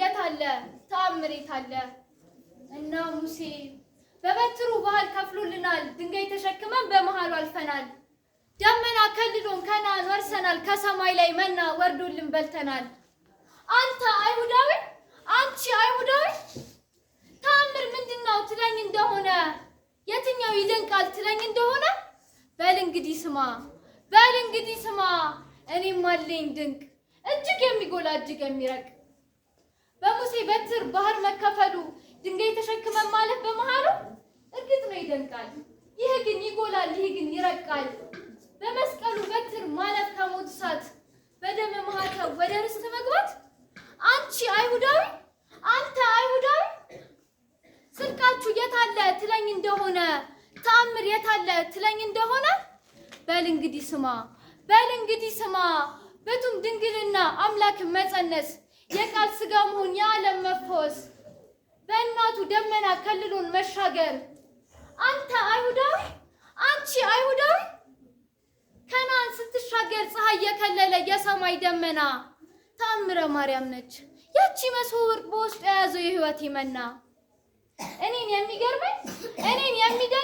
የት አለ፣ ተአምሬት አለ እና ሙሴ በበትሩ ባህል ከፍሎልናል። ድንጋይ ተሸክመን በመሃሉ አልፈናል። ደመና ከልዶን ከነዓን ወርሰናል። ከሰማይ ላይ መና ወርዶልን በልተናል። አንተ አይሁዳዊ፣ አንቺ አይሁዳዊ ተአምር ምንድን ነው ትለኝ እንደሆነ የትኛው ይደንቃል ትለኝ እንደሆነ በል እንግዲህ ስማ፣ በል እንግዲህ ስማ እኔም አለኝ ድንቅ እጅግ የሚጎላ እጅግ የሚረቅ በሙሴ በትር ባህር መከፈሉ ድንጋይ ተሸክመን ማለፍ በመሃሉ እርግጥ ነው ይደንቃል። ይህ ግን ይጎላል፣ ይህ ግን ይረቃል። በመስቀሉ በትር ማለፍ ከሞት እሳት በደመ ማኅተብ ወደ ርስት መግባት አንቺ አይሁዳዊ አንተ አይሁዳዊ ስልካችሁ የታለ ትለኝ እንደሆነ ተአምር የታለ ትለኝ እንደሆነ በል እንግዲህ ስማ በል እንግዲህ ስማ በቱም ድንግልና አምላክን መጸነስ የቃል ስጋ መሆን የዓለም መፈወስ በእናቱ ደመና ከልሉን መሻገር አንተ አይሁዳዊ አንቺ አይሁዳዊ ከነዓን ስትሻገር ፀሐይ የከለለ የሰማይ ደመና ተአምረ ማርያም ነች ያቺ መሶር በውስጡ የያዘው የህይወት ይመና እኔን የሚገርመኝ እኔን የሚደ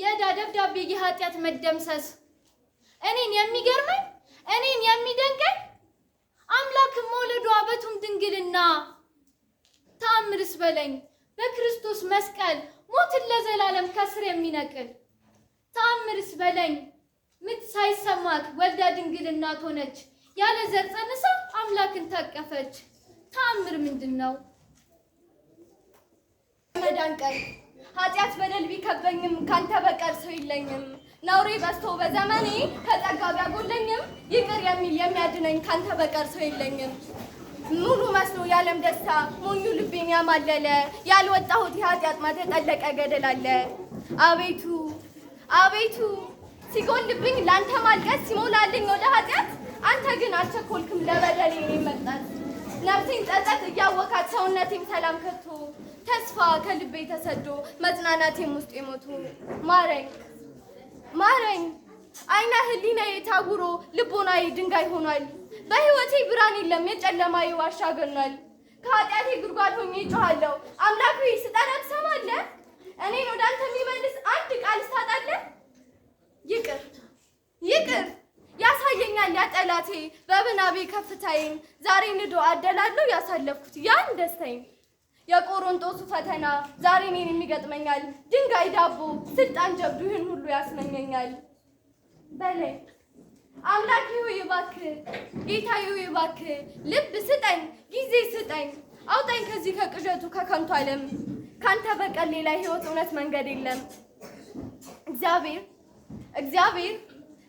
የዕዳ ደብዳቤ የኃጢአት መደምሰስ እኔን የሚገርመኝ እኔን የሚደንቀኝ አምላክ መውለዷ አበቱም ድንግልና ታምርስ በለኝ በክርስቶስ መስቀል ሞትን ለዘላለም ከስር የሚነቅል ታምርስ በለኝ ምጥ ሳይሰማት ወልዳ ድንግል እናት ሆነች። ያለ ዘር ጸንሳ አምላክን ታቀፈች። ታምር ምንድን ነው? መዳን ቀን ኃጢአት በደል ቢከበኝም ካንተ በቀር ሰው የለኝም። ነውሬ በዝቶ በዘመኔ ከጸጋ ቢያጎለኝም ይቅር የሚል የሚያድነኝ ካንተ በቀር ሰው የለኝም። ሙሉ መስሎ የዓለም ደስታ ሞኙ ልቤን ያማለለ ያልወጣሁት የኃጢአት ማር የተጠለቀ ገደል አለ። አቤቱ አቤቱ ሲጎልብኝ ለአንተ ማልቀስ ሲሞላልኝ ወደ ኃጢአት አንተ ግን አልቸኮልክም ለበደሌ መቅጣት ነፍሴን ጸጸት እያወካት ሰውነቴም ሰላም ከቶ ተስፋ ከልቤ ተሰዶ መጽናናቴም ውስጥ የሞቱ ማረኝ ማረኝ አይና ህሊና ታጉሮ ልቦናዬ ድንጋይ ሆኗል። በህይወቴ ብርሃን የለም የጨለማዬ ዋሻ ገኗል። ከኃጢአቴ ጉድጓድ ሆኜ እጮኋለሁ አምላክ ስጠራ ትሰማለህ እኔን ወዳንተ የሚመ ጥረቴ በብናቤ ከፍታይን ዛሬ ንዶ አደላለው ያሳለፍኩት ያን ደስተኝ የቆሮንጦሱ ፈተና ዛሬ እኔን የሚገጥመኛል ድንጋይ ዳቦ ስልጣን ጀብዱ ይህን ሁሉ ያስመኘኛል በላይ አምላክ ሆይ እባክህ፣ ጌታ ሆይ እባክህ ልብ ስጠኝ፣ ጊዜ ስጠኝ፣ አውጣኝ ከዚህ ከቅዠቱ ከከንቱ ዓለም። ካንተ በቀር ሌላ ህይወት እውነት መንገድ የለም። እግዚአብሔር እግዚአብሔር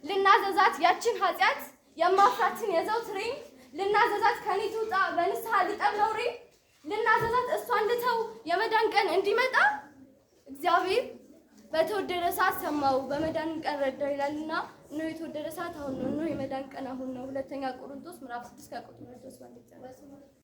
ልናዘዛት ያችን ኃጢአት የማፍራትን የዘውትሬን ልናዘዛት ከኔ ትውጣ በንስሐ ሊጠብ ነውሬ ልናዘዛት እሷ እንድተው የመዳን ቀን እንዲመጣ እግዚአብሔር በተወደደ ሰዓት ሰማው በመዳን ቀን ረዳ ይላልና እነሆ የተወደደ ሰዓት አሁን ነው። እነሆ የመዳን ቀን አሁን ነው። ሁለተኛ ቆሮንቶስ ምዕራፍ 6 ከቁጥር 3 ባለው